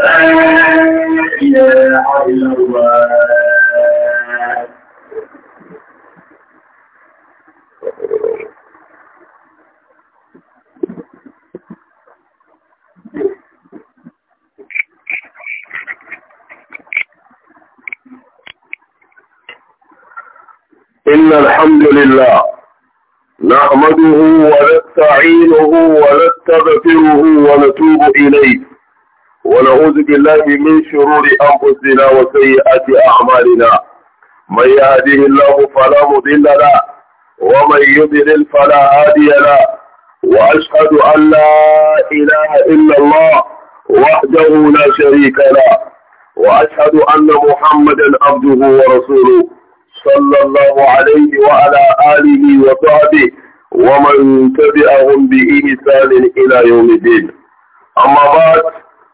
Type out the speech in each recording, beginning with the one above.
إله إلا الله إن الحمد لله نحمده ونستعينه ونستغفره ونتوب إليه ونعوذ بالله من شرور أنفسنا وسيئات أعمالنا من يهده الله فلا مضل له ومن يضلل فلا هادي له وأشهد أن لا إله إلا الله وحده لا شريك له وأشهد أن محمدا عبده ورسوله صلى الله عليه وعلى آله وصحبه ومن تبعهم بإحسان إلى يوم الدين أما بعد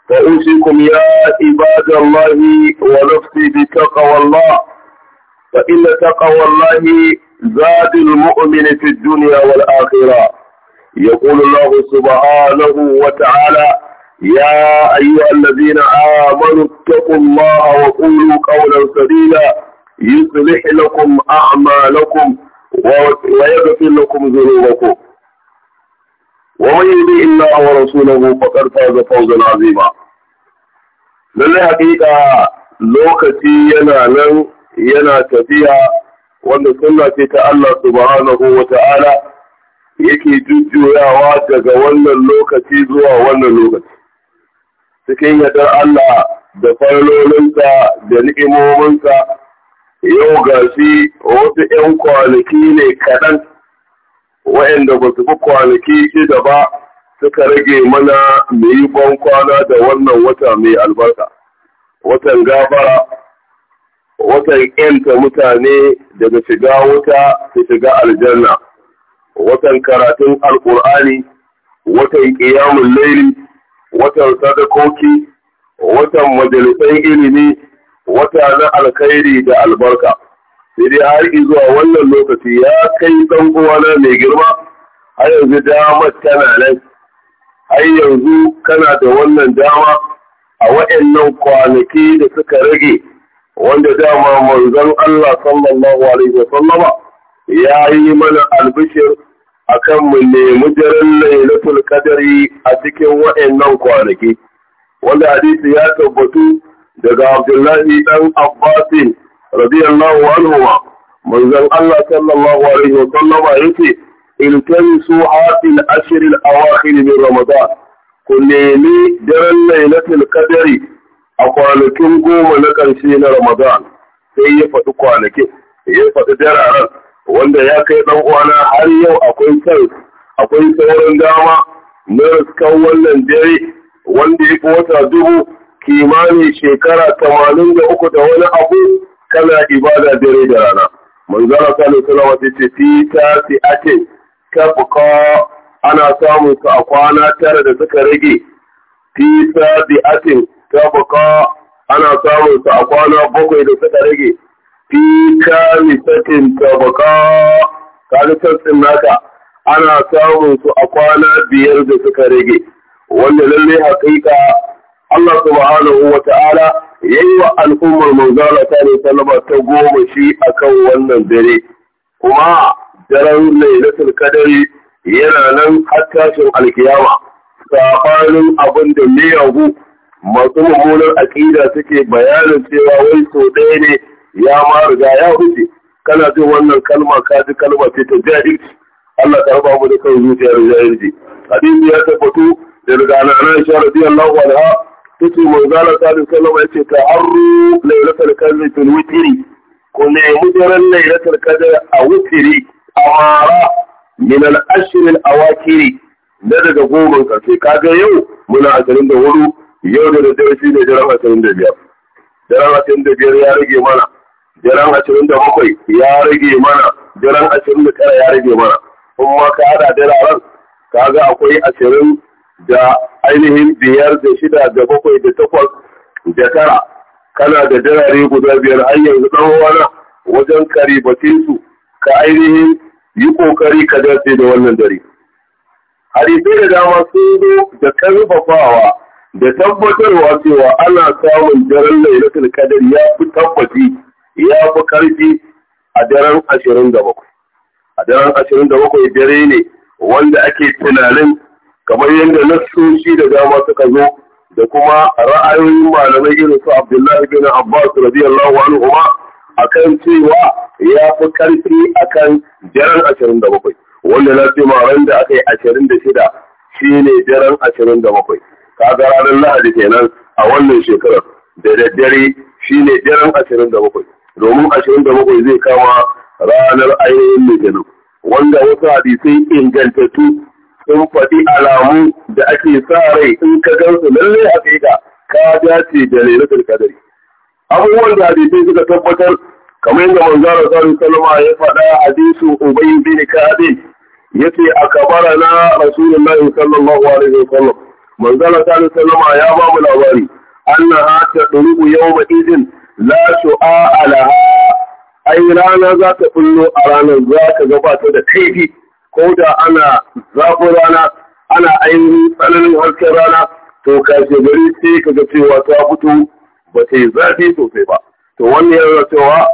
فأوصيكم يا عباد الله ونفسي بتقوى الله فإن تقوى الله زاد المؤمن في الدنيا والآخرة يقول الله سبحانه وتعالى يا أيها الذين آمنوا اتقوا الله وقولوا قولا سديدا يصلح لكم أعمالكم ويغفر لكم ذنوبكم ومن يطع الله ورسوله فقد فاز فوزا عظيما lalle haƙiƙa lokaci yana nan yana tafiya wanda sunna ce ta Allah subhanahu wa ta'ala yake jujjuyawa daga wannan lokaci zuwa wannan lokaci cikin yadda Allah da farlolinsa da ni'imominsa yau gashi wasu 'yan kwanaki ne kaɗan wa'anda ba su bi kwanaki shida ba suka rage mana mu yi ban kwana da wannan wata mai albarka watan gafara watan yanta mutane daga shiga wuta su shiga aljanna watan karatun alkur'ani watan ƙiyamun laili watan sadakoki watan majalisan ilimi wata na alkhairi da albarka sai dai har zuwa wannan lokaci ya kai dan uwana mai girma har yanzu dama tana nan har yanzu kana da wannan dama a waɗannan kwanaki da suka rage wanda dama manzon Allah sallallahu alaihi wasallama ya yi mana albishir akan mu nemi daren lailatul qadari a cikin waɗannan kwanaki wanda hadisi ya tabbatu daga Abdullahi ɗan Abbasin radiyallahu anhu manzon Allah sallallahu alaihi wa sallama yace iltamisu hatil ashr al awakhir min ramadan ku nemi daren lailatul qadari a kwanakin goma na karshe na ramadan sai ya faɗi kwanakin ya faɗi dararen wanda ya kai ɗan uwana har yau akwai kan akwai sauran dama na riskan wannan dare wanda ya fi wata dubu kimanin shekara tamanin da uku da wani abu kana ibada dare da rana manzara sallallahu alaihi wasallam ce fi tasi ake tabqa ana samun su a kwana tara da suka rage fi tasi ate tabqa ana samun su a kwana bakwai da suka rage fi kamisatin ka kaga tsin naka ana samun su a kwana biyar da suka rage wanda lalle haƙiƙa Allah subhanahu wa ta'ala Ya yi wa al'ummar manzala ta ne sallama ta goma shi a kan wannan dare kuma daren lailatul kadari yana nan har tashin alkiyama sabanin abin da miyagu masu mummunar aƙida suke bayanin cewa wai so ɗaya ne ya ma riga ya huce kana jin wannan kalma ka ji kalma ce ta jahilci Allah ta raba mu da kan zuciyar jahilci hadisi ya tabbatu da daga anan Aisha radiyallahu anha yake manzala sallallahu alaihi ta ta'arru lailatul qadri fil witri ko ne daren lailatul qadri a witri amara min al ashr al awakiri da daga goma karfe kaga yau muna a ashirin da wuru yau da daddare shi ne daren ashirin da biyar daren ashirin da biyar ya rage mana daren ashirin da bakwai ya rage mana daren ashirin da tara ya rage mana kuma ka hada da ka ga akwai ashirin da ainihin biyar da shida da bakwai da takwas da tara kana da dirare guda biyar har yanzu dan wajen wajen karibatin su ka ainihin yi kokari ka dace da wannan dare. Hadisai da dama sun zo da karfafawa da tabbatarwa cewa ana samun daren lailatul kadar ya fi tabbaci ya fi karfi a daren ashirin da bakwai. A daren ashirin da bakwai dare ne wanda ake tunanin kamar yadda nassoshi da dama suka zo da kuma ra'ayoyin malamai irin su Abdullahi bin Abbas radiyallahu anhu ma akan cewa ya fi karfi akan jaran bakwai, wanda na ce ran da aka yi shida shi ne daren bakwai. ga ranar Lahadi kenan a wannan shekarar da daddare shi ne daren bakwai, domin bakwai zai kama ranar ainihin kenan, wanda wasu hadisai ingantattu sun faɗi alamu da ake sa rai in ka gansu lalle haƙiƙa ka ka dace da lailatul kadari abubuwan da hadisi suka tabbatar kamar yadda Manzara Allah sallallahu ya faɗa hadisu Ubay bin Ka'ab yace akabarana Rasulullah sallallahu alaihi wasallam manzo Allah sallallahu ya ba mu labari annaha tadrubu yawma idin la shu'a alaha ai rana za ta kullo a ranar za ka gabata da kaifi ko da ana zafin rana ana ainihin tsananin hasken rana to kashe gari sai ka ga cewa ta fito ba ta yi zafi sosai ba to wannan yana cewa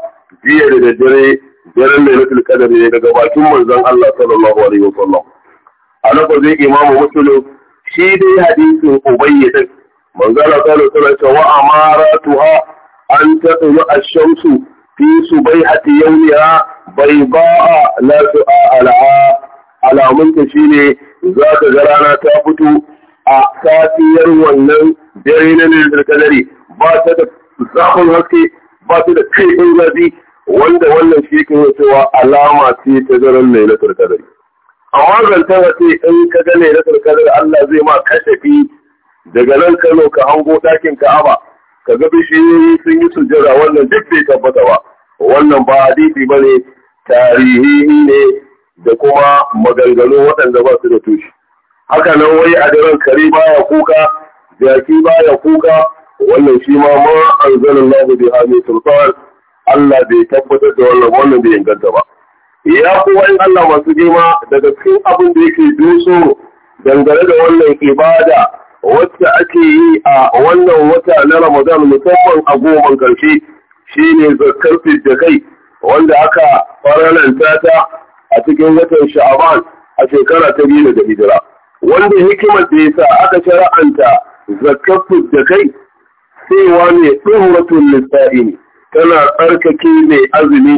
jiya da daddare daren lailatul kadar ne daga bakin manzon Allah sallallahu alaihi wasallam a lafazin imamu musulun shi dai hadisin ubayy din manzon Allah sallallahu alaihi a wa amaratuha an tatlu ash-shamsu fi subayhati yawmiha bayda'a la su'a laha alamunta ne za ka ga rana ta fito a safiyar wannan dare na lailatul kadari ba ta da zafin haske ba ta da kaifin zafi wanda wannan shi ke cewa alama ce ta mai lailatul kadari amma zantar wace in ka ga lailatul kadari Allah zai ma kashafi daga nan Kano ka hango ɗakin Ka'aba ka ga bishiyoyi sun yi sujjara wannan duk bai tabbata ba wannan ba hadisi bane tarihi ne da kuma magangano waɗanda ba su da tushe. Haka nan wai a daren kare baya kuka, jaki baya kuka, wannan shi ma ma an zanen lagu da hami sultan Allah bai tabbatar da wannan wannan bai inganta ba. Ya kuwa in Allah masu gima daga cikin abin da yake doso dangane da wannan ibada wacce ake yi a wannan wata na Ramadan musamman a goman karshe shine zakkar da kai wanda aka faralanta ta a cikin watan sha'aban a shekara ta biyu da hijira wanda hikimar da yasa aka shara'anta zakatu da kai sai wani tsohuratun ne, tana tsarkake mai azumi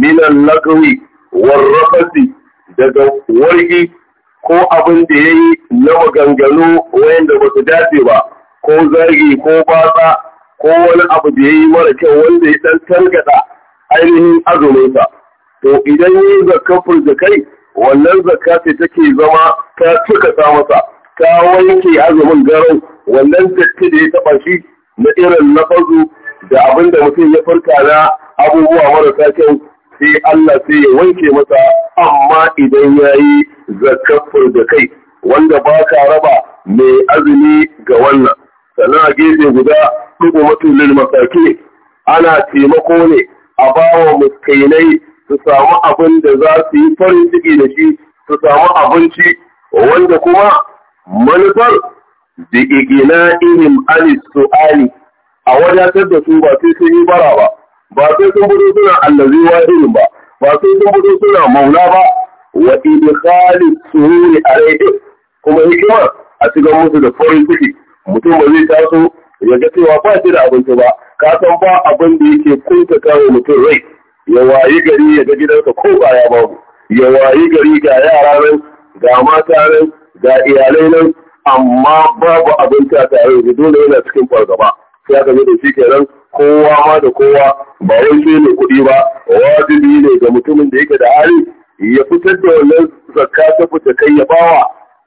minan lakawi warrafasi daga wargi ko abin da ya yi na maganganu wayanda ba su dace ba ko zargi ko batsa ko wani abu da ya yi mara kyau wanda ya dan targada ainihin azuminsa to idan yi zakka furzakai wannan zakka ce take zama ta cika ta masa ta wanke azumin garau wannan datti da ya taba shi na irin lafazu da abin da mutum ya furta na abubuwa marasa kyau sai Allah sai ya wanke masa amma idan ya yi zakkafar da kai wanda ba ka raba mai azumi ga wannan sannan a gefe guda ɗugu matulin masake ana taimako ne a bawa muskainai su samu abin da za su yi farin ciki da shi su samu abinci wanda kuma manufar bi igina ihim ali su'ali a wadatar da su ba sai sun yi bara ba ba sai sun fito suna allazi irin ba ba sai sun fito suna maula ba wa idkhali sururi alaihim kuma hikimar a cikin musu da farin ciki mutum ba zai taso ya ga cewa ba shi da abinci ba ka san ba abin da yake kunta kawo mutum rai ya wayi gari ya ga gidansa ko ya babu ya wayi gari ga yara nan ga mata nan ga iyalai nan amma babu abin a tare da dole yana cikin fargaba sai aka zo da shi kenan kowa ma da kowa ba wai sai ne kuɗi ba wajibi ne ga mutumin da yake da hali ya fitar da wannan zakka ta fita kai ya bawa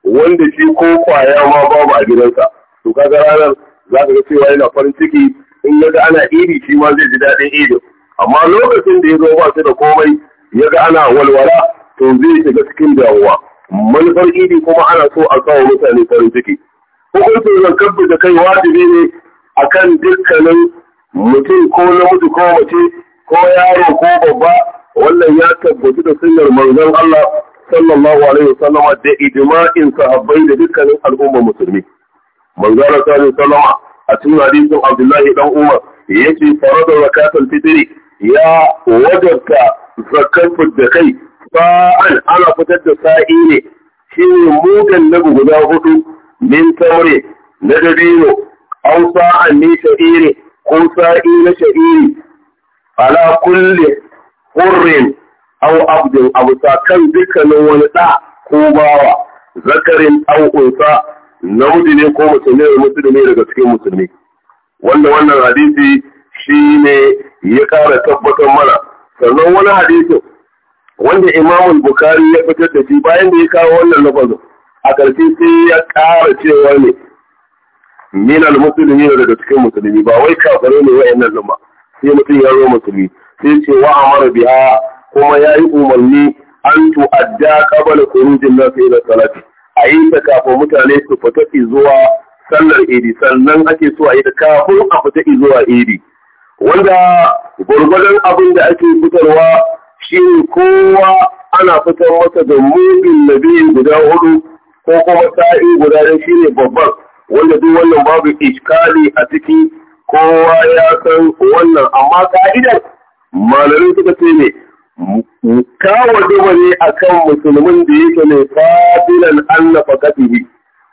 wanda shi ko kwaya ma babu a gidansa to kaga ranar za ka ga cewa yana farin ciki in ya ga ana iri shi ma zai ji daɗin irin amma lokacin da ya zo ba su da komai ya ga ana walwala to zai shiga cikin damuwa manufar idi kuma ana so a kawo mutane farin ciki hukuncin zakar da kai wajibi ne akan dukkanin mutum ko namiji ko mace ko yaro ko babba wannan ya tabbaci da sunnar manzon Allah sallallahu alaihi wasallam da ijma'in sahabbai da dukkanin al'ummar musulmi manzon Allah sallallahu alaihi wasallam a cikin hadisin Abdullahi dan Umar yace farada zakatul fitri ya wajarta zakar da kai sa'an ana fitar da sa'i ne shi ne mugan na guda hudu min taure na dabino an sa'an ne sha'iri ko sa'i na sha'iri ala kulle hurrin au abdin abu kan dukkanin wani ɗa ko bawa zakarin au unsa namiji ne ko musulmi da musulmi daga cikin musulmi wannan wannan hadisi shi ne ya ƙara tabbatar mana sannan wani hadisi wanda imamun bukari ya fitar da shi bayan da ya kawo wannan lafazin a ƙarshe sai ya ƙara cewa ne minal musulmi ne daga cikin musulmi ba wai kafare ne wa'annan zama sai mutum ya zo musulmi sai ce wa amara biya. kuma ya yi umarni an tu'adda qabala khurujin nas ila salati a yi ta kafin mutane su fita zuwa sallar idi sannan ake so a yi ta kafin a fita zuwa idi wanda gwargwadon abin da ake fitarwa shi kowa ana fitar masa da mugun nabi guda hudu ko kuma sa'i guda ɗaya shi ne babban wanda duk wannan babu iskali a ciki kowa ya san wannan amma ka'idar malamai suka ce ne kawo duba ne a kan musulmin da yake ne fadilan annafa katihi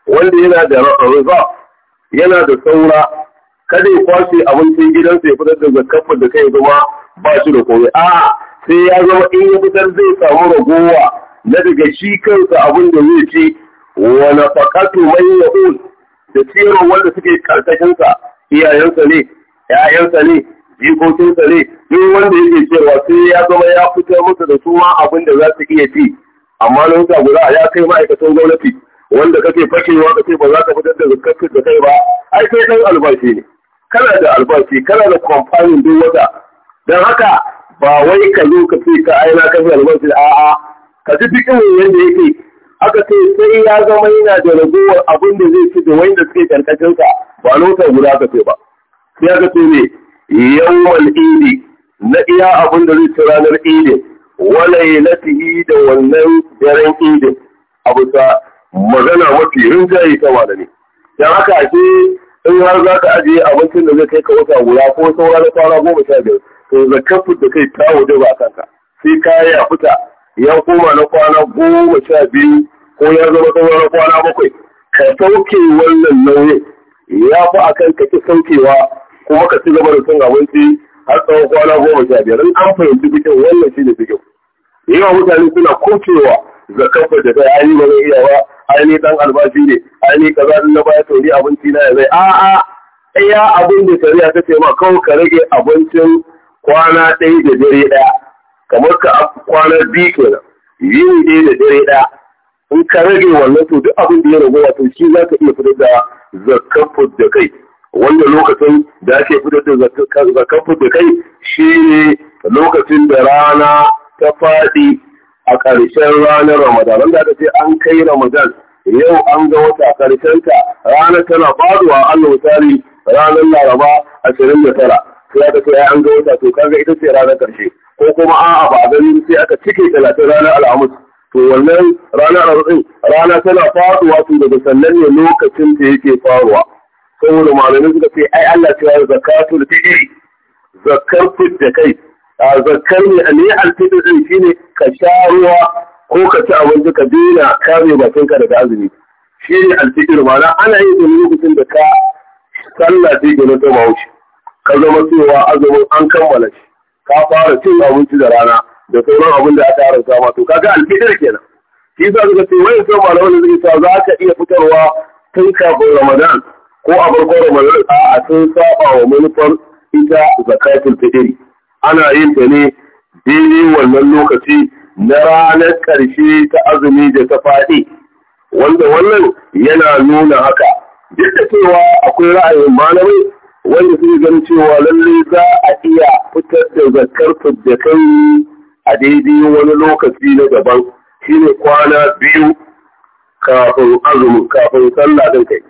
wanda yana da raza yana da saura kada ya kwashe abincin gidansa ya fitar da zakafar da kai zama ba shi da komai a sai ya zama in ya fitar zai samu ragowa na daga shi kansa abin da zai ci wa fakatu mai yaqul da ciyarwa wanda suke karkashin iyayensa ne ƴaƴansa ne jikokinsa ne duk wanda yake cewa sai ya zama ya fitar musu da suma abin da za su iya ci amma na sa guda ya kai ma'aikatan gwamnati wanda kake fashewa kace ba za ka fitar da zakafar da kai ba ai kai dan albashi ne kana da albashi kana da kwamfanin duk wata don haka ba wai ka zo ka ce ka aina ka fi albashi a'a ka ji duk irin yadda yake aka ce sai ya zama yana da ragowar abin da zai ci da wanda suke karkashinsa ba lokaci guda ka ce ba sai aka ce ne yawon idi na iya abin da zai ci ranar idin walailatihi da wannan daren ili Abu ta magana mafi rinjaye ta malami don haka ce in har za ka ajiye abincin da zai kai ka wata guda ko saura na kwana goma sha biyar to zakar da kai ta waje ba kanka sai ka ya fita ya koma na kwana goma sha biyu ko ya zama saura na kwana bakwai ka sauke wannan nauyi ya fi a kan ka ki saukewa kuma ka ci gaba da cin abinci har tsawon kwana goma sha biyar in an fahimci bikin wannan shi ne bikin yawa mutane suna kaucewa zakar da kai ai ba iya ba ai ni dan albashi ne ai ni kaza din na baya tori abinci na zai a a iya abin da shari'a ta ce ma kawai ka rage abincin kwana ɗaya da dare ɗaya kamar ka kwana biyu kenan yini ɗaya da dare ɗaya in ka rage wannan to duk abin da ya ragu wato shi za ka iya fitar da zakar da kai wanda lokacin da ake fitar da zakar da kai shi ne lokacin da rana ta faɗi a ƙarshen ranar Ramadan. Wanda aka ce an kai Ramadan yau an ga wata ƙarshen ta ranar tana faduwa Allah misali ranar Laraba ashirin da tara. Sai aka an ga wata to kaga ita ce ranar ƙarshe. Ko kuma a'a ba a gani sai aka cike talatin ranar Alhamis. To wannan ranar Alhamis rana tana faduwa to daga sannan ne lokacin da yake faruwa. Saboda malamai suka ce ai Allah cewa zakatul fitri zakar fit da kai zakar ne a ne zai din ne ka sha ruwa ko ka ci abinci ka daina kame bakinka daga azumi shi ne alfitar ma'ana ana yin domin lokacin da ka sallah sai gina na tsoba ka zama cewa azumin an kammala shi ka fara cin abinci da rana da sauran abin da aka haramta ma to kaga alfitar kenan shi yasa ce wai sai malaman da sa za ka iya fitarwa tun kafin Ramadan ko a farkon Ramadan a sun saba wa manufar ita zakatul fidiri. ana yin ta ne daidai wannan lokaci na ranar ƙarshe ta azumi da ta faɗi wanda wannan yana nuna haka duk da cewa akwai ra'ayin malamai wanda sun gan cewa lalle za a iya fitar da zakar fiddakai a daidai wani lokaci na daban shine kwana biyu kafin azumin kafin sallah din kai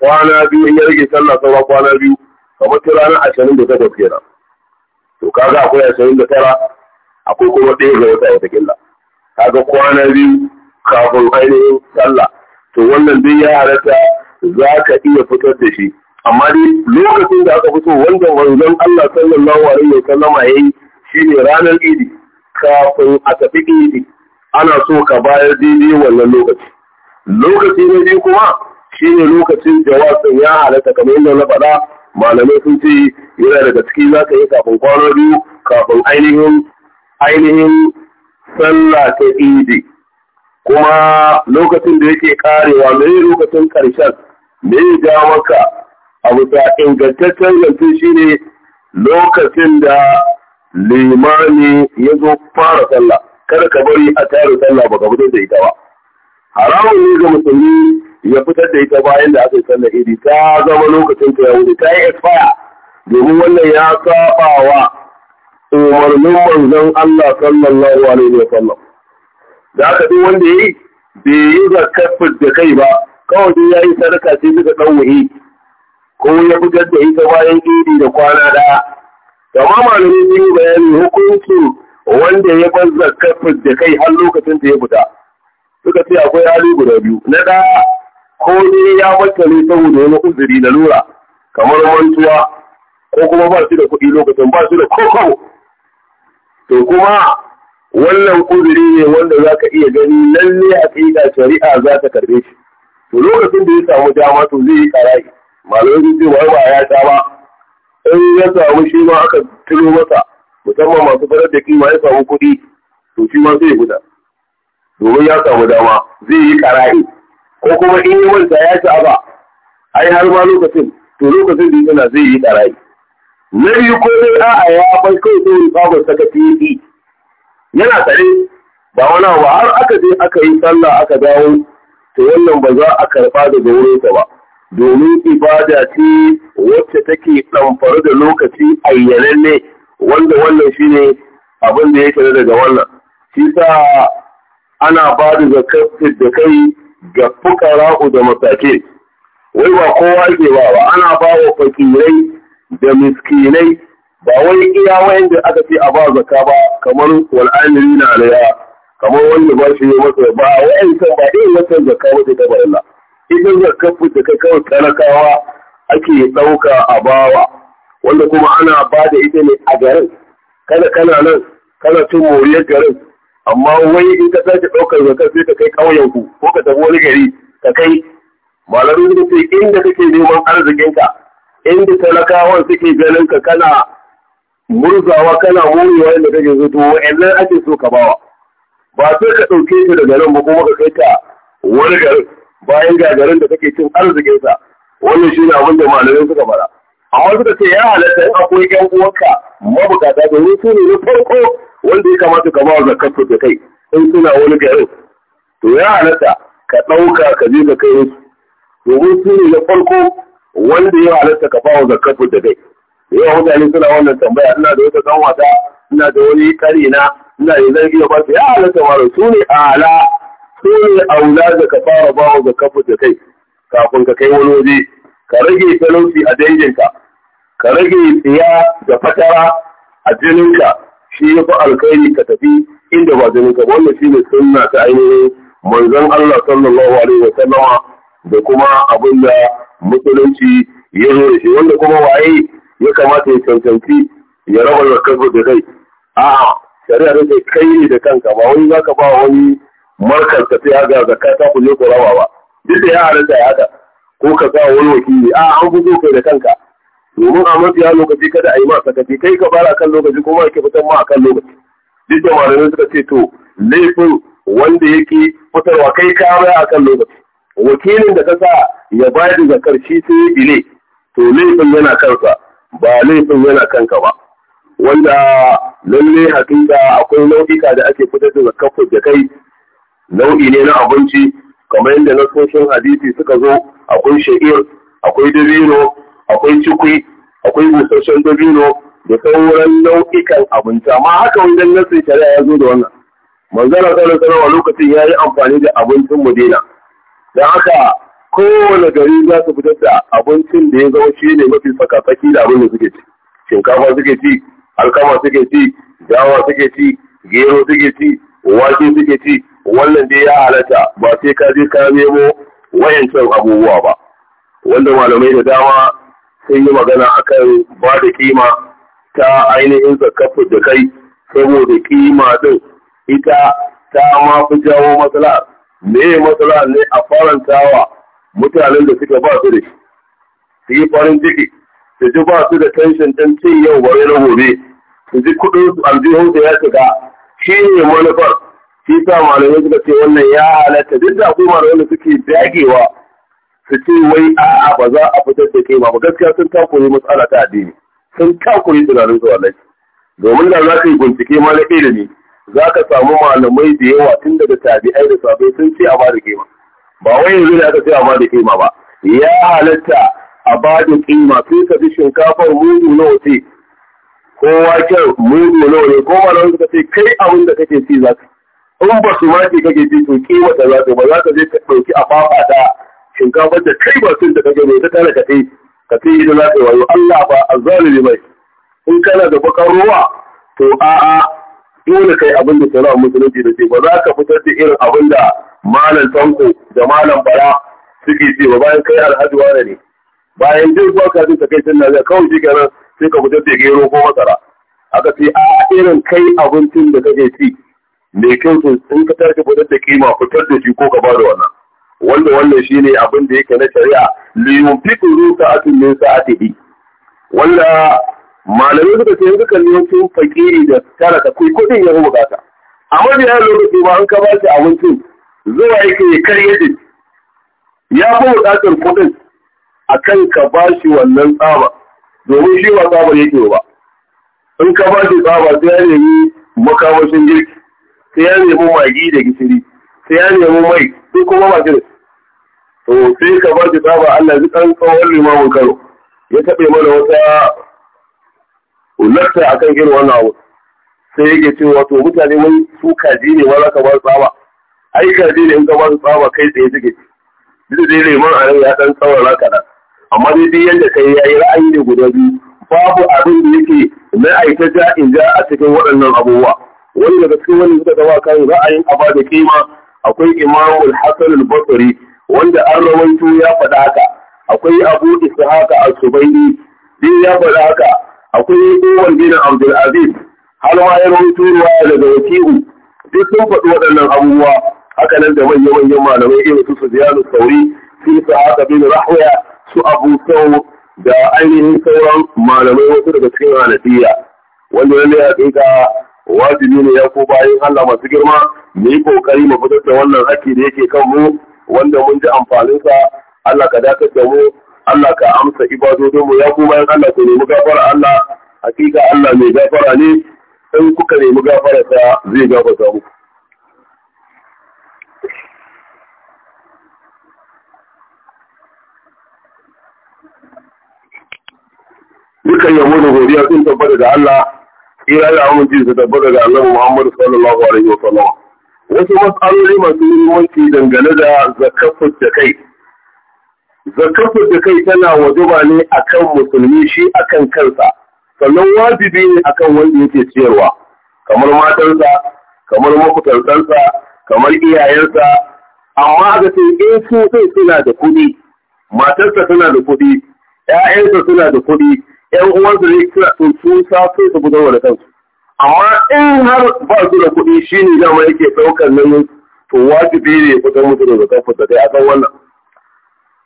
kwana biyu ya rage sallah sauran kwana biyu kamar ta ranar ashirin da takwas kenan to kaga akwai ashirin da tara akwai kuma ɗaya ga wata watakila kaga kwana biyu kafin ainihin sallah to wannan duk ya harata za ka iya fitar da shi amma dai lokacin da aka fito wanda manzon Allah sallallahu alaihi wa sallama yayi shine ranar idi kafin a tafi idi ana so ka bayar daidai wannan lokaci lokaci na biyu kuma shine lokacin wasan ya halatta kamar yadda na faɗa malamai sun ce yana daga ciki za ka yi kafin kwana biyu kafin ainihin ainihin sallah ta idi kuma lokacin da yake karewa me lokacin karshen me ya ja maka abu da ingantaccen shi shine lokacin da limani ya zo fara sallah kada ka bari a tare sallah ba baka fito da ita ba haramun ne ga musulmi ya fitar da ita bayan da aka yi sallar idi ta zama lokacin ta ya ta yi expire domin wannan ya saba wa umarnin manzon Allah sallallahu alaihi wa sallam da aka duk wanda yi? bai yi zakafin da kai ba kawai dai yi sadaka sai suka dauwahi ko ya fitar da ita bayan idi da kwana Da amma malamai sun yi bayani hukunci wanda ya bar zakafin da kai har lokacin da ya fita suka ce akwai hali guda biyu na ɗaya ko ne ya ne saboda wani uzuri na lura kamar mantuwa ko kuma ba su da kuɗi lokacin ba su da koko to kuma wannan uzuri ne wanda za ka iya gani lalle a ƙiƙa shari'a za ta karbe shi to lokacin da ya samu dama to zai yi karayi malamai sun ce wai ba ya sha ba in ya samu shi ma aka tuno masa musamman masu farar da kima ya samu kuɗi to shi ma zai guda domin ya samu dama zai yi karayi ko kuma in yi ya ci aba ai har ma lokacin to lokacin da yana zai yi karai na biyu ko dai a'a ya bai kai sai babu saka yi e yana tsare ba wani ba har aka je aka yi sallah aka dawo to wannan ba za a karba daga wurin ta ba domin ibada ce wacce take damfaru da lokaci ayyananne wanda wannan shine abin da ya daga wannan shi sa ana ba da zakar da kai ga fukara'u da masake wai ba kowa ke ba ba ana ba wa fakirai da miskinai ba wai iya da aka ce a ba zaka ba kamar wal'amiri na alaya kamar wanda ba shi masa ba wa'ancan ba irin wancan zaka wace ta barilla Idan zakka fita kai kawai talakawa ake ɗauka a bawa wanda kuma ana ba da ita ne a garin kada kana nan kana cin moriyar garin amma wai in ka sake ɗaukar zakar sai ka kai ƙauyenku ko ka tafi wani gari ka kai malamin da ke inda kake neman arzikinka inda talakawan suke ganin ka kana murzawa kana murewa inda kake so to wa'annan ake so ka bawa ba sai ka ɗauke shi daga nan ba kuma ka kai ta wani garin bayan ga da kake cin arzikinsa wannan shi ne abin da malamai suka fara amma suka ce ya halatta in akwai ƴan uwanka mabukata domin su ne na farko wanda ya kamata ka ba wa zakatu da kai in suna wani garin to ya halatta ka ɗauka ka je ka kai musu domin su ne na farko wanda ya halatta ka ba wa zakatu da kai Yawan mutane suna wannan tambaya ina da wata kan wata ina da wani kari na ina da zargi ba su ya halatta ma su ne ala su ne aula da ka fara ba wa zakatu da kai kafin ka kai wani waje ka rage talauci a danginka ka rage tsiya da fatara a jininka shi ya fi alkhairi ka tafi inda ba ganin ka wannan shi ne sunna ta ainihin manzon Allah sallallahu alaihi wa sallama da kuma abin da musulunci ya zo da shi wanda kuma waye ya kamata ya cancanci ya raba da kanku da kai a'a shari'a da kai ne da kanka ba wani zaka ba wani markar ka sai ga zakata ku je ku raba ba duk da ya halatta ya haka ko ka sa wani wakili a'a an fi so kai da kanka domin a mafiya lokaci kada a yi ma sakaci kai ka fara kan lokaci kuma ake fitar ma a kan lokaci duk da malamai suka ce to laifin wanda yake fitarwa kai ka bai kan lokaci wakilin da ka sa ya bayar da karshe sai bile, to laifin yana kansa ba laifin yana kanka ba wanda lalle hakika akwai nau'ika da ake fitar da zakafin da kai nau'i ne na abinci kamar yadda nasoshin hadisi suka zo akwai sha'ir akwai dabino akwai cikwi akwai busasshen dabino da sauran nau'ikan abinci amma haka wajen nasin shari'a ya zo da wannan manzara sau alaihi a lokacin ya yi amfani da abincin Madina Da haka kowane gari za su fitar da abincin da ya zama shi ne mafi tsakatsaki da abin da suke ci shinkafa suke ci alkama suke ci dawa suke ci gero suke ci wake suke ci wannan dai ya halatta ba sai ka je ka nemo wayancan abubuwa ba wanda malamai da dama sai yi magana akan ba da kima ta ainihin zakafu da kai saboda kima din ita ta ma fi jawo matsala me matsala ne a farantawa mutanen da suka ba su da shi su yi farin ciki su ji ba su da tension ɗin cin yau bare na gobe su ji kuɗin su aljihun ya shiga shi ne manufar shi sa malamai suka ce wannan ya halatta duk da akwai malamai da suke dagewa su ce wai a'a ba za a fitar da kai ba ba gaskiya sun takure matsala ta addini sun takure tunanin su wallahi domin da za ka yi bincike ma na ilimi za ka samu malamai da yawa tun daga tabi'ai da safe sun ce a ba da kima ba wai yanzu da aka ce a ba da kima ba ya halatta a ba da kima sai ka ji shinkafar mudu nawa ce ko waken mudu nawa ne ko malamai suka ce kai abin da kake ci za ka in ba su ma ce kake ci to kima ta za ka ba za ka je ka ɗauki a fafata shinkafar da kai ba sun da kake mai ta tare ka kai ka kai na ka wayo Allah ba azzalimi mai in kana da bakar ruwa to a'a dole kai abin da tsara musulunci da ce ba za ka fitar da irin abin da malam tanko da malam bara suke ce ba bayan kai alhaji wane ne bayan jin zuwa kafin ka kai sunna zai kawai shi kenan sai ka fitar da gero ko masara aka ce a irin kai abincin da kake ci mai kyau to in ka tashi fitar da kima fitar da shi ko ka ba da wannan wanda wannan ne abin da yake na shari'a liyun fikiru sa'atun min sa'atihi wanda malamai suka ce yanzu kan yawancin fakiri da tara ka kai kudin ya bukata amma da yaro lokaci ba an ka ba shi abincin zuwa yake karye din ya fi bukatar kudin akan ka ba shi wannan tsaba domin shi ba tsaba yake ba in ka ba shi tsaba sai ya nemi makamashin girki sai ya nemi magi da gishiri sai ya nemi mai su kuma ba shi to sai ka bar ki saba Allah ji kan tsawon limamin Kano ya taɓe mana wata lakta akan irin wannan abu sai yake cewa to mutane mun su kaji ne ma za ka ba su tsaba ai kaji ne in ka ba su tsaba kai tsaye suke duk dai liman a ya ɗan tsawon raka da amma dai duk yadda kai yayi ra'ayi ne guda biyu babu abin da yake na aita ja in ja a cikin waɗannan abubuwa wani daga cikin wani suka zama kan ra'ayin a ba da kima akwai Imam al-Hasan al-Basri wanda an rawaito ya faɗa haka akwai Abu Ishaq al-Subaini din ya faɗa haka akwai Ibn bin Abdul Aziz har ma ya rawaito ruwaya daga Wakiu duk sun faɗi waɗannan abubuwa haka nan da manyan manyan malamai irin su Sufyan al-Thawri su Ishaq bin Rahwaya su Abu Thawr da ainihin sauran malamai wasu daga cikin Hanafiya wanda ne ya kai wajibi ne ya ko bayan Allah masu girma mu yi kokari mu fitar da wannan haƙƙi da yake kan mu wanda mun ji amfanin sa Allah ka dakatar da mu Allah ka amsa ibadodin mu ya ko bayan Allah ku nemi gafara Allah hakika Allah mai gafara ne in kuka nemi gafara sa zai gafara muku Dukan yabo da godiya sun tabbata da Allah ira da aminci su tabbata ga annabi Muhammad sallallahu alaihi wa sallam wasu matsaloli masu muhimmanci dangane da zakafin da kai zakafin da kai tana wajaba ne akan musulmi shi akan kansa sannan wajibi ne akan wanda yake ciyarwa kamar matansa kamar makutantansa kamar iyayensa amma ga ce in su suna da kuɗi matarsa suna da kuɗi ‘ya'yansa suna da kuɗi ‘yan uwansu zai kira to su sa sai su gudanar da Amma in har ba su da kuɗi shi ne dama yake ɗaukar nauyin to wajibi ne ya fitar musu da zakar fita dai akan wannan.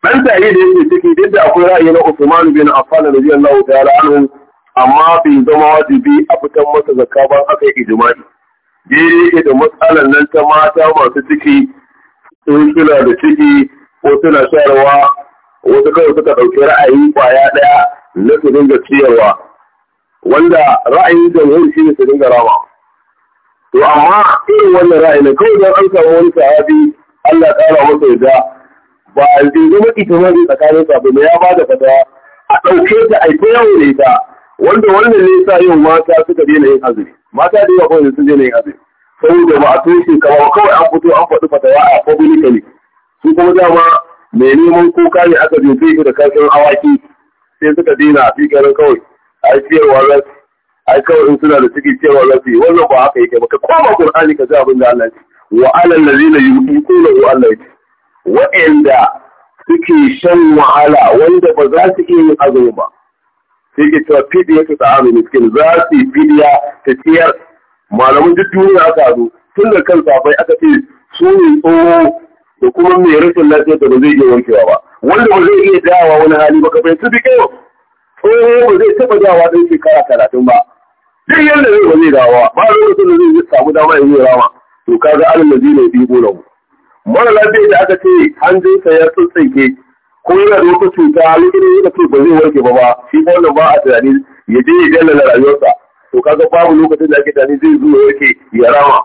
Ɗan tare da yake ciki duk da akwai ra'ayi na Usman bin Affan radiyallahu ta'ala anhu amma bai zama wajibi a fitar masa zakka ba aka yi ijimai. Daidai yake da matsalar nan ta mata masu ciki sun suna da ciki ko suna sharwa wasu kawai suka ɗauki ra'ayi kwaya ɗaya na su dinga ciyarwa wanda ra'ayin jamhur shi ne su dinga rama to amma irin wannan ra'ayi ne kawai don an samu wani sahabi Allah ya ƙara masa yadda ba a jirgin mafi tamari tsakanin sabu ne ya bada fata a ɗauke ta a ita yawo da ita wanda wannan ne sa yin mata suka daina yin azumi mata da yawa kawai sun daina yin azumi saboda ba a toshe ba kawai an fito an faɗi fatawa a publicly su kuma dama mai neman kuka ne aka jefe shi da kashin awaki sai suka dina fi garin kawai ai ciyarwa za su ai kawai in suna da suke ciyarwa za su yi wannan ba haka yake ba ka koma qur'ani ka ji abin da Allah ya ce wa alal ladina yuqina wa Allah ya ce wa'anda suke shan wahala wanda ba za su iya yin azumi ba sai ke cewa fidiya ta ta'amu miskin za su yi fidiya ta tiyar malamin duk duniya aka zo tun da kan safai aka ce su ne tsoho da kuma mai rashin lafiya da ba zai iya wankewa ba wanda ba zai iya dawa wani hali ba kafin su bi kyau tsoho ba zai taɓa dawa ɗan shekara talatin ba duk yadda zai ba zai dawa ba lokacin da zai samu dama ya yi rama to ka ga da zai ne biyu mu. mara lafiya da aka ce hanjinsa ya tsintsinke ko yana da wata cuta lokacin da ce ba zai warke ba ba shi ba wannan ba a tunani ya je ya jallala rayuwarsa to kaga babu lokacin da ake tunani zai zo ya warke ya rama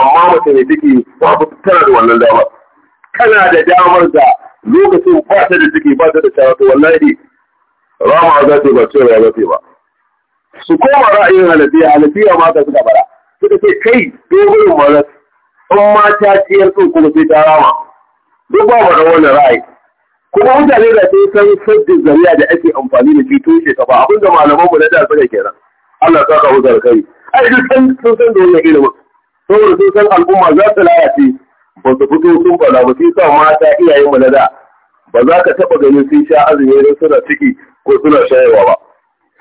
amma mace mai ciki babu tana da wannan damar kana da damar da lokacin ba ta da ciki ba ta da shara to wallahi rama za ta ba cewa za ta ba su koma ra'ayin halafiya halafiya ta suka bara suka ce kai dogon mara in ma ta ciyar sun kuma sai ta rama duk ba da wani ra'ayi kuma mutane da sun san sabbin zariya da ake amfani da shi tun shekara abinda malaman mu na da suka kenan Allah ya saka mu da ai duk sun san da wannan ilimin saboda sun san al'umma za ta lalace ba su fito sun bala ba sai sa mata iyayen mu na da ba za ka taba ganin sun sha azumi ne suna ciki ko suna shayarwa ba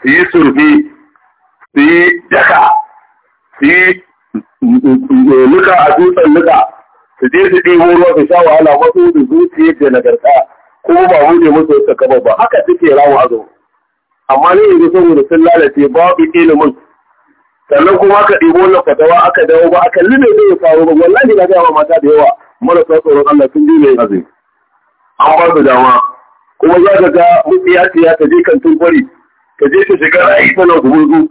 su yi surfi su yi daka su yi luka a dutsen luka su je su ɗebo ruwa su sha wahala wasu yi zuciya da nagarta ko ba huje musu wasu kaba ba haka suke rawa azumi amma ne yanzu saboda sun lalace babu ilimin sannan kuma aka ɗibo na fatawa aka dawo ba a kalli ne ya faru ba wallahi na gaya mata da yawa marasa tsoron Allah sun ji mai azai an ba su dama kuma za ka ga mutsiya ta je kan tumfari ta je ta shiga ra'ayi tana gumurzu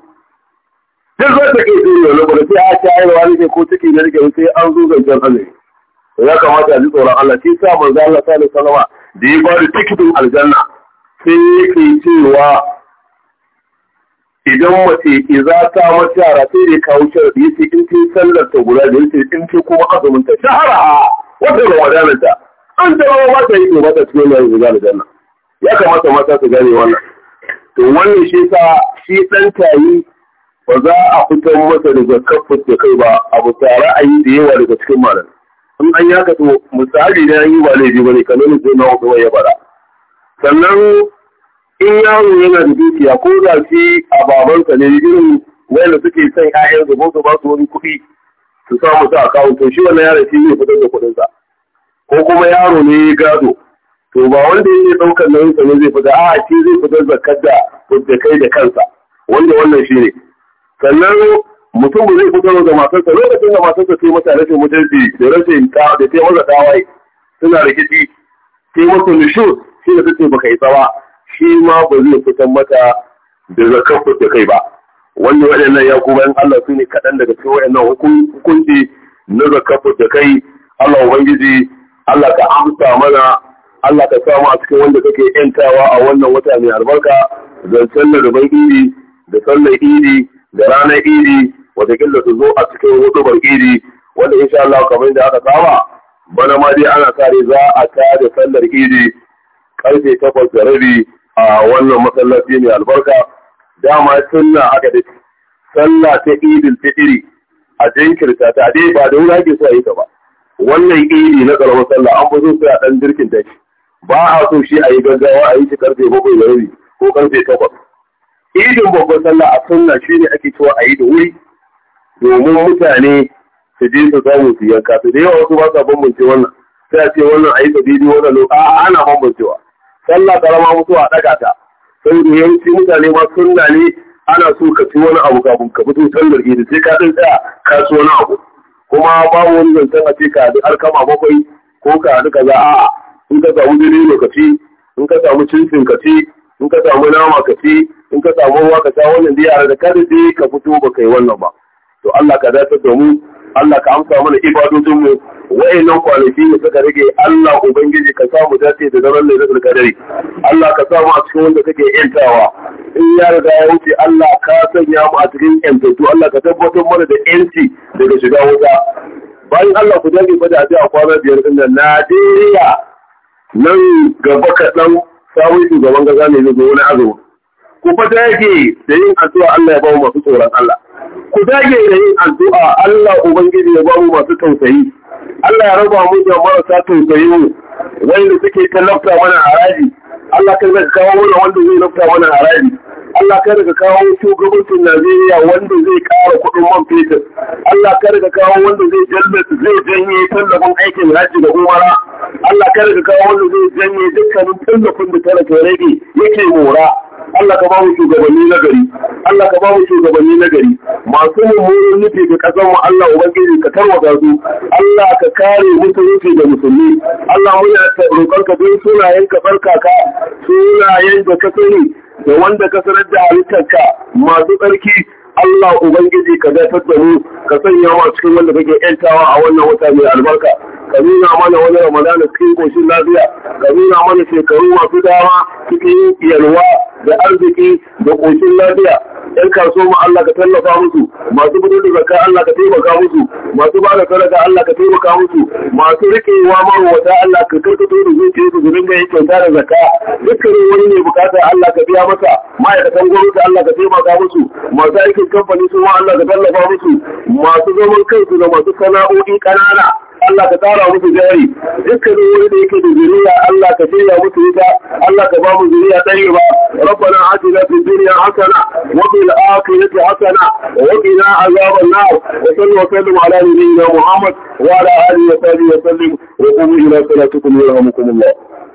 duk za ta ke tsoro wani gwada sai a ce aiwa ne ko ciki na rike sai an zo zancen azai ya kamata a ji tsoron Allah shi sa manzo Allah sallallahu alaihi wasallam da ya ba da tikitin aljanna sai yake cewa idan mace iza ta mace yara sai dai kawo sharadi yace in ce sallar ta guda da yace in ce kuma azumin ta shahara wata ramadanin ta an ta ba ta yi kuma ta cikin mai zuwa da ya kamata mata su gane wannan to wannan shi sa shi dan tayi ba za a fitar masa da zakafin da kai ba abu ta ra'ayi da yawa daga cikin malam in an yaka to misali da yi ba laifi ba kamar ne sai na wasu ya bara sannan in yaro yana da dukiya ko da shi a babansa ne irin wanda suke son ƴaƴan su su ba su wani kuɗi su samu su akawun to shi wannan yaron shi zai fitar da kuɗinsa ko kuma yaro ne ya gado to ba wanda yake ɗaukar nauyin sa ne zai fita a shi zai fitar da kadda da kai da kansa wanda wannan shi ne sannan mutum zai fitar da matarsa lokacin da matarsa sai mata rashin mutunci da rashin ta da sai masa tawaye suna rikici sai masa nishu shi da suke baka yi tsawa shi ma ba zai fitan mata da zakar da kai ba wannan waɗannan ya kuma in Allah su ne kaɗan daga cikin waɗannan hukunci na zakar da kai Allah ubangiji Allah ka amsa mana Allah ka samu a cikin wanda kake yantawa a wannan wata mai albarka zancen da ruban iri da sallar iri da ranar idi wataƙila su zo a cikin hudubar iri wanda insha Allah kamar da aka saba bana ma dai ana sa za a da sallar iri karfe takwas da rabi a wannan masallaci ne, albarka dama sunna aka da sallah ta idil fitri a jinkirta ta dai ba da wuri ake so a yi ta ba wannan idi na karamar sallah an fi so sai a dan jirkin ta shi ba a so shi a yi gaggawa a yi shi karfe bakwai da rabi ko karfe takwas idin babban sallah a sunna shi ne ake cewa a yi da wuri domin mutane su je su samu su yanka su da yawa wasu ba sa bambance wannan sai a ce wannan a yi sabidi wannan A'a ana bambancewa sallah karama mutuwa daga ta sai da yanci mutane ma sunna ne ana so ka ci wani abu kafin ka fito sallar idi sai ka tsaya ka ci wani abu kuma babu wani zancen a ce ka haɗu kama bakwai ko ka haɗu kaza a'a in ka samu jini lokaci in ka samu cincin ka ci in ka samu nama ka ci in ka samu ruwa ka sha wannan da yara da kada dai ka fito ba kai wannan ba to Allah ka dace da mu Allah ka amsa mana ibadojin mu wayannan kwanaki da suka rage Allah ubangiji ka samu dace da zaman lailatul kadari. Allah ka samu a cikin wanda kake yantawa in ya riga ya wuce Allah ka sanya mu a cikin yantattu Allah ka tabbatar mana da yanci daga shiga wuta bayan Allah ku dage fa da a kwana biyar din nan Najeriya nan gaba kaɗan samun shugaban gaza ne zai zo wani azumi ku fa yake da yin addu'a Allah ya ba mu masu tsoron Allah ku dage da yin addu'a Allah ubangiji ya ba mu masu tausayi Allah ya raba mu da marasa tausayi wanda suke kallafta mana haraji Allah kai zai kawo mana wanda zai lafta mana haraji Allah ka daga kawo shugabancin Najeriya wanda zai ƙara kuɗin man fetur Allah ka daga kawo wanda zai zai janye tallafin aikin hajji da umara Allah ka daga kawo wanda zai janye dukkanin tallafin da talaka rage yake mora Allah ka bamu shugabanni na gari Allah ka bamu shugabanni na gari masu mummunan nufi da kasar mu Allah ubangiji ka tarwata su Allah ka kare mutunci da musulmi Allah muna roƙon ka don sunayen ka barka ka sunayen da ka sani da wanda ka sanar da halittarka masu tsarki Allah Ubangiji ka zartar da mu ka sanya wa cikin wanda kake ‘yantawa a wannan wata mai albarka. ka nuna mana wani ramadana cikin koshin lafiya ka nuna mana shekaru masu dawa cikin yalwa da arziki da koshin lafiya yan kaso ma Allah ka tallafa musu masu fito da zakka Allah ka taimaka musu masu ba da sadaka Allah ka taimaka musu masu rikewa marwata Allah ka karkato da zuciya su gurin da kyauta da zakka dukkanin wani ne bukata Allah ka biya masa ma'aikatan gwamnati Allah ka taimaka musu masu aikin kamfani su ma Allah ka tallafa musu masu zaman kansu da masu sana'o'i kanana الله ka tsara musu jari dukkan wani da yake da zuriya Allah ka ربنا آتنا في الدنيا حسنة وفي الآخرة حسنة وقنا عذاب النار وصلوا وسلم على نبينا محمد وعلى آله وصحبه وسلم وقوموا إلى صلاتكم يرحمكم الله